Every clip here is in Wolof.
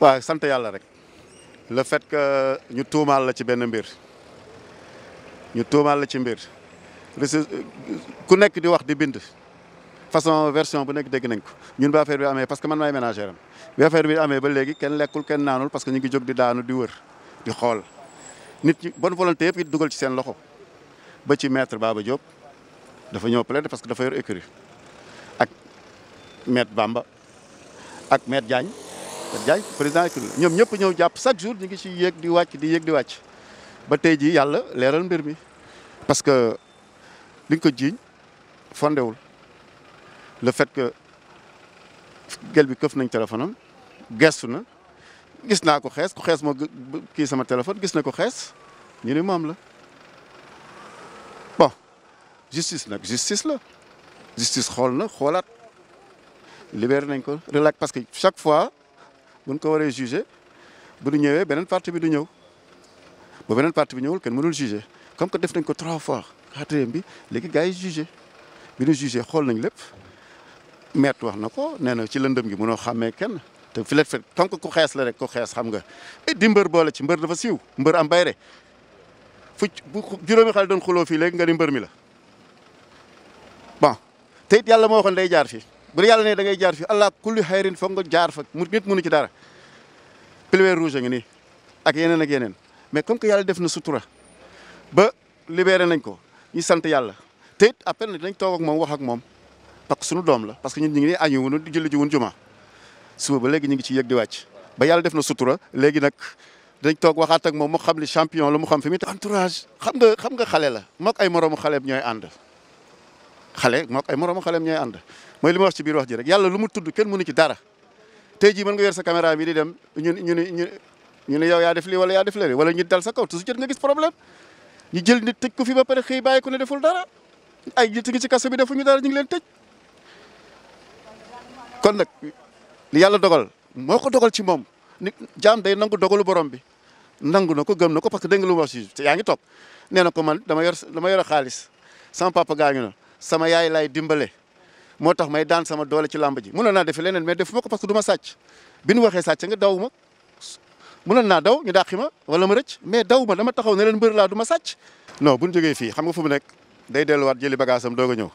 waaw sant yàlla rek le fait que ñu tuumaal la ci benn mbir ñu tuumaal la ci mbir ku nekk di wax di bind façon version bu nekk dégg nañ ko ñun ba affaire bi amee parce que man maay ménagère am bi affaire bi amee ba léegi kenn lekkul kenn naanul parce que ñu ngi jóg di daanu di wër di xool nit ñi bonne volonté yëpp dugal ci seen loxo ba ci maître baaba Diop dafa ñëw plaide parce que dafa yor écurie maître Bamba ak maître Diagne maître Diagne président ñoom ñëpp ñëw jàpp chaque jour ñu ngi ci yéeg di wàcc di yéeg di wàcc ba tey jii yàlla leeral mbir mi parce que liñ ko jiiñ fondewul le fait que gel bi këf nañ téléphone am gestu na gis naa ko xees ku xees moo kii sama téléphone gis na ko xees ñu ni moom la bon justice nag justice la justice xool na xoolaat libéré nañ ko relax parce que chaque fois buñ ko waree jugé bu ñu ñëwee beneen partie bi du ñëw ba beneen partie bi ñëwul kenn mënul jugé comme que def nañ ko trois fois quatrième bi léegi gars yi jugé bi ñu jugé xool nañ lépp maître wax na ko nee na ci lëndëm gi mënoo xàmmee kenn te fi la fekk tonk ku xees la rek ku xees xam nga et di mbër boole ci mbër dafa siiw mbër am bayre fu bu juróomi xale doon xuloo fii léegi nga ni mbër mi la bon te it yàlla moo waxoon day jaar fii. bu yàlla ne da ngay jaar fi allah kulli xayrin foog nga jaar fa mu nit mënu ci dara pilier rouge a ngi nii ak yeneen ak yeneen mais comme que yàlla def na sutura ba libéré nañ ko ñu sant yàlla te it après dañ toog ak moom wax ak moom parce que sunu doom la parce que ñun ñu ngi ne añu wuñu di julli ji wuñu juma suba ba léegi ñu ngi ci yëg di wàcc ba yàlla def na sutura léegi nag dañ toog waxaat ak moom mu xam li champion la mu xam fi mu entourage xam nga xam nga xale la mook ay moroomu xale ñooy ànd xale moo ay moroom xaleem ñooy ànd mooy li ma wax ci biir wax ji rek yàlla mu tudd kenn mënu ci dara tey jii mën nga yor sa caméra bi di dem ñu ñu ñu ñu ne yow def lii wala yaa def lële wala ñu dal sa kaw toujours jot nga gis ñu jël nit tëj ko fi ba pare xëy bàyyi ko ne deful dara ay nit ngi ci kaso bi defuñu dara ñu ngi leen tëj kon nag li yàlla dogal moo ko dogal ci moom nit jaam day nangu dogalu borom bi nangu na ko gëm na ko parce que dégg nga lu ma wax si yaa ngi toog nee na ko man dama yor dama yor xaalis sama papa gaañu sama yaay laay dimbale moo tax may daan sama doole ci làmb ji mënoon naa defe leneen mais defuma ko parce que du ma sàcc bi nu waxee sàcc nga daw ma mënoon naa daw ñu dàqi ma wala ma rëcc mais daw ma dama taxaw ne leen mbër laa du ma sàcc no bu ñu jógee fii xam nga fu mu nekk day delluwaat jëli bagage am doog a ñëw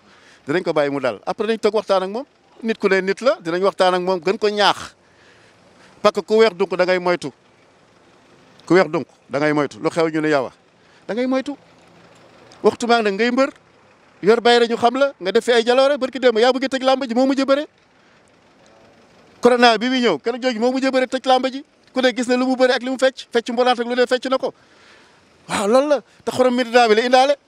dinañ ko bàyyi mu daal après dañ toog waxtaan ak moom nit ku ne nit la dinañ waxtaan ak moom gën ko ñaax parce que ku weex dunk da ngay moytu ku weex dunk dangay moytu lu xew ñu ne yow da ngay moytu waxtu maa ngi ngay mbër yor bayre ñu xam la nga def fi ay jaloore barki démb yaa bëgg tëj làmb ji moo mujj bëre corona bi bi ñëw kenn jooju moo mujj bëre tëj làmb ji ku ne gis na lu mu bëre ak li mu fecc fecc mbolaat ak lu ne fecc na ko waaw loolu la te xorom mi daa bi la indaale